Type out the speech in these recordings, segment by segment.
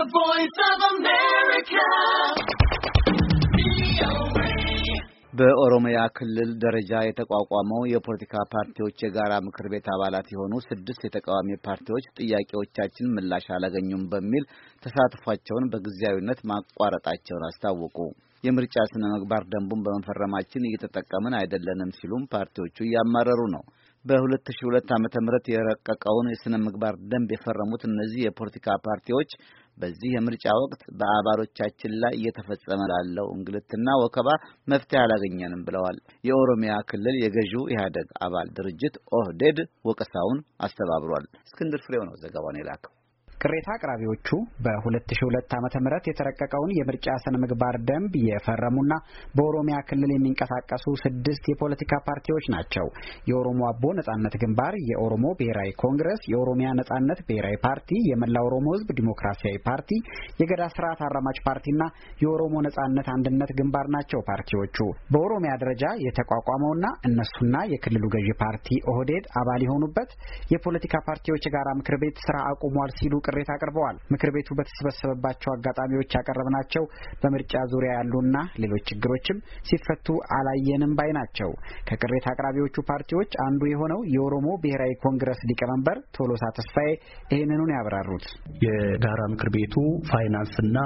The Voice of America. በኦሮሚያ ክልል ደረጃ የተቋቋመው የፖለቲካ ፓርቲዎች የጋራ ምክር ቤት አባላት የሆኑ ስድስት የተቃዋሚ ፓርቲዎች ጥያቄዎቻችን ምላሽ አላገኙም በሚል ተሳትፏቸውን በጊዜያዊነት ማቋረጣቸውን አስታወቁ። የምርጫ ስነ ምግባር ደንቡን በመፈረማችን እየተጠቀምን አይደለንም ሲሉም ፓርቲዎቹ እያማረሩ ነው። በ2002 ዓ.ም የረቀቀውን የስነ ምግባር ደንብ የፈረሙት እነዚህ የፖለቲካ ፓርቲዎች በዚህ የምርጫ ወቅት በአባሎቻችን ላይ እየተፈጸመ ላለው እንግልትና ወከባ መፍትሄ አላገኘንም ብለዋል። የኦሮሚያ ክልል የገዢው ኢህአደግ አባል ድርጅት ኦህዴድ ወቀሳውን አስተባብሯል። እስክንድር ፍሬው ነው ዘገባውን የላከው። ቅሬታ አቅራቢዎቹ በ2002 ዓ ም የተረቀቀውን የምርጫ ስነ ምግባር ደንብ የፈረሙና በኦሮሚያ ክልል የሚንቀሳቀሱ ስድስት የፖለቲካ ፓርቲዎች ናቸው። የኦሮሞ አቦ ነጻነት ግንባር፣ የኦሮሞ ብሔራዊ ኮንግረስ፣ የኦሮሚያ ነጻነት ብሔራዊ ፓርቲ፣ የመላ ኦሮሞ ህዝብ ዲሞክራሲያዊ ፓርቲ፣ የገዳ ስርዓት አራማጅ ፓርቲና የኦሮሞ ነጻነት አንድነት ግንባር ናቸው። ፓርቲዎቹ በኦሮሚያ ደረጃ የተቋቋመውና እነሱና የክልሉ ገዢ ፓርቲ ኦህዴድ አባል የሆኑበት የፖለቲካ ፓርቲዎች የጋራ ምክር ቤት ስራ አቁሟል ሲሉ ቅሬታ አቅርበዋል። ምክር ቤቱ በተሰበሰበባቸው አጋጣሚዎች ያቀረብናቸው በምርጫ ዙሪያ ያሉና ሌሎች ችግሮችም ሲፈቱ አላየንም ባይ ናቸው። ከቅሬታ አቅራቢዎቹ ፓርቲዎች አንዱ የሆነው የኦሮሞ ብሔራዊ ኮንግረስ ሊቀመንበር ቶሎሳ ተስፋዬ ይህንኑን ያብራሩት የጋራ ምክር ቤቱ ፋይናንስና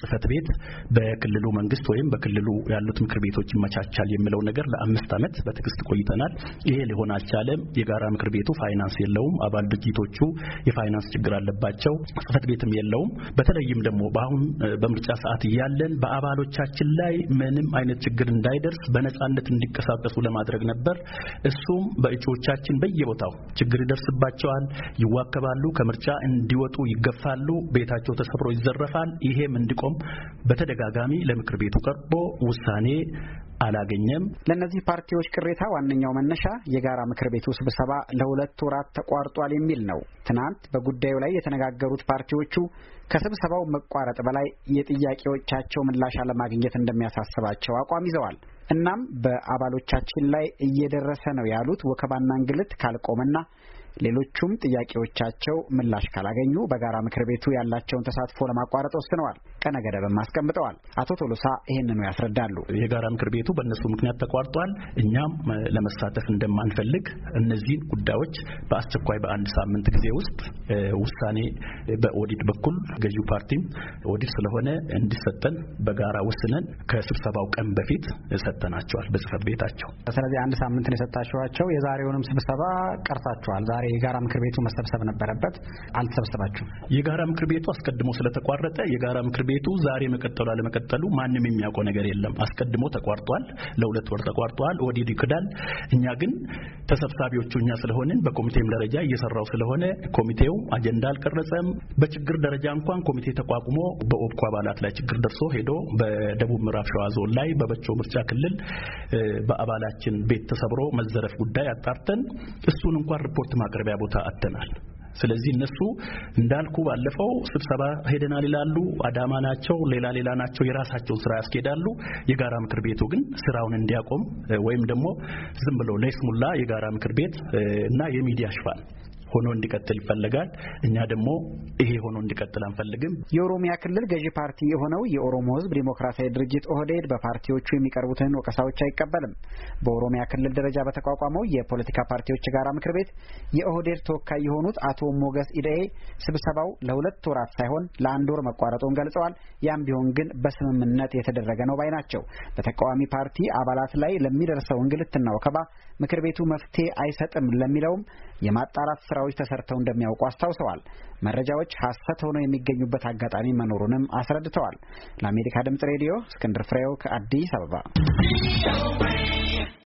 ጽህፈት ቤት በክልሉ መንግስት ወይም በክልሉ ያሉት ምክር ቤቶች ይመቻቻል የሚለው ነገር ለአምስት ዓመት በትዕግስት ቆይተናል። ይሄ ሊሆን አልቻለም። የጋራ ምክር ቤቱ ፋይናንስ የለውም። አባል ድርጅቶቹ የፋይናንስ ችግር አለበት። ያለባቸው ጽህፈት ቤትም የለውም። በተለይም ደግሞ በአሁን በምርጫ ሰዓት እያለን በአባሎቻችን ላይ ምንም አይነት ችግር እንዳይደርስ በነጻነት እንዲንቀሳቀሱ ለማድረግ ነበር። እሱም በእጩዎቻችን በየቦታው ችግር ይደርስባቸዋል፣ ይዋከባሉ፣ ከምርጫ እንዲወጡ ይገፋሉ፣ ቤታቸው ተሰብሮ ይዘረፋል። ይሄም እንዲቆም በተደጋጋሚ ለምክር ቤቱ ቀርቦ ውሳኔ አላገኘም። ለእነዚህ ፓርቲዎች ቅሬታ ዋነኛው መነሻ የጋራ ምክር ቤቱ ስብሰባ ለሁለት ወራት ተቋርጧል የሚል ነው። ትናንት በጉዳዩ ላይ የተነጋገሩት ፓርቲዎቹ ከስብሰባው መቋረጥ በላይ የጥያቄዎቻቸው ምላሽ አለማግኘት እንደሚያሳስባቸው አቋም ይዘዋል። እናም በአባሎቻችን ላይ እየደረሰ ነው ያሉት ወከባና እንግልት ካልቆመና ሌሎቹም ጥያቄዎቻቸው ምላሽ ካላገኙ በጋራ ምክር ቤቱ ያላቸውን ተሳትፎ ለማቋረጥ ወስነዋል፣ ቀነ ገደብም አስቀምጠዋል። አቶ ቶሎሳ ይህንኑ ያስረዳሉ። የጋራ ምክር ቤቱ በእነሱ ምክንያት ተቋርጧል። እኛም ለመሳተፍ እንደማንፈልግ እነዚህን ጉዳዮች በአስቸኳይ በአንድ ሳምንት ጊዜ ውስጥ ውሳኔ በኦዲት በኩል ገዢው ፓርቲም ኦዲት ስለሆነ እንዲሰጠን በጋራ ወስነን ከስብሰባው ቀን በፊት ሰጥተናቸዋል በጽህፈት ቤታቸው። ስለዚህ አንድ ሳምንት ነው የሰጣችኋቸው። የዛሬውንም ስብሰባ ቀርታችኋል። ዛሬ የጋራ ምክር ቤቱ መሰብሰብ ነበረበት፣ አልተሰበሰባችሁም። የጋራ ምክር ቤቱ አስቀድሞ ስለተቋረጠ የጋራ ምክር ቤቱ ዛሬ መቀጠሉ አለመቀጠሉ ማንም የሚያውቀው ነገር የለም። አስቀድሞ ተቋርጧል። ለሁለት ወር ተቋርጧል። ኦህዴድ ይክዳል። እኛ ግን ተሰብሳቢዎቹ እኛ ስለሆንን በኮሚቴም ደረጃ እየሰራው ስለሆነ ኮሚቴው አጀንዳ አልቀረጸም። በችግር ደረጃ እንኳን ኮሚቴ ተቋቁሞ በኦብኮ አባላት ላይ ችግር ደርሶ ሄዶ በደቡብ ምዕራብ ሸዋ ዞን ላይ በበቾ ምርጫ ክልል በአባላችን ቤት ተሰብሮ መዘረፍ ጉዳይ አጣርተን እሱን እንኳን ሪፖርት ማቅረቢያ ቦታ አተናል። ስለዚህ እነሱ እንዳልኩ ባለፈው ስብሰባ ሄደናል ይላሉ። አዳማ ናቸው፣ ሌላ ሌላ ናቸው። የራሳቸውን ስራ ያስኬዳሉ። የጋራ ምክር ቤቱ ግን ስራውን እንዲያቆም ወይም ደግሞ ዝም ብሎ ለይስሙላ የጋራ ምክር ቤት እና የሚዲያ ሽፋን ሆኖ እንዲቀጥል ይፈልጋል። እኛ ደግሞ ይሄ ሆኖ እንዲቀጥል አንፈልግም። የኦሮሚያ ክልል ገዢ ፓርቲ የሆነው የኦሮሞ ሕዝብ ዲሞክራሲያዊ ድርጅት ኦህዴድ በፓርቲዎቹ የሚቀርቡትን ወቀሳዎች አይቀበልም። በኦሮሚያ ክልል ደረጃ በተቋቋመው የፖለቲካ ፓርቲዎች ጋራ ምክር ቤት የኦህዴድ ተወካይ የሆኑት አቶ ሞገስ ኢደኤ ስብሰባው ለሁለት ወራት ሳይሆን ለአንድ ወር መቋረጡን ገልጸዋል። ያም ቢሆን ግን በስምምነት የተደረገ ነው ባይ ናቸው። በተቃዋሚ ፓርቲ አባላት ላይ ለሚደርሰው እንግልትና ወከባ ምክር ቤቱ መፍትሄ አይሰጥም ለሚለውም የማጣራት ስራዎች ተሰርተው እንደሚያውቁ አስታውሰዋል። መረጃዎች ሐሰት ሆነው የሚገኙበት አጋጣሚ መኖሩንም አስረድተዋል። ለአሜሪካ ድምጽ ሬዲዮ እስክንድር ፍሬው ከአዲስ አበባ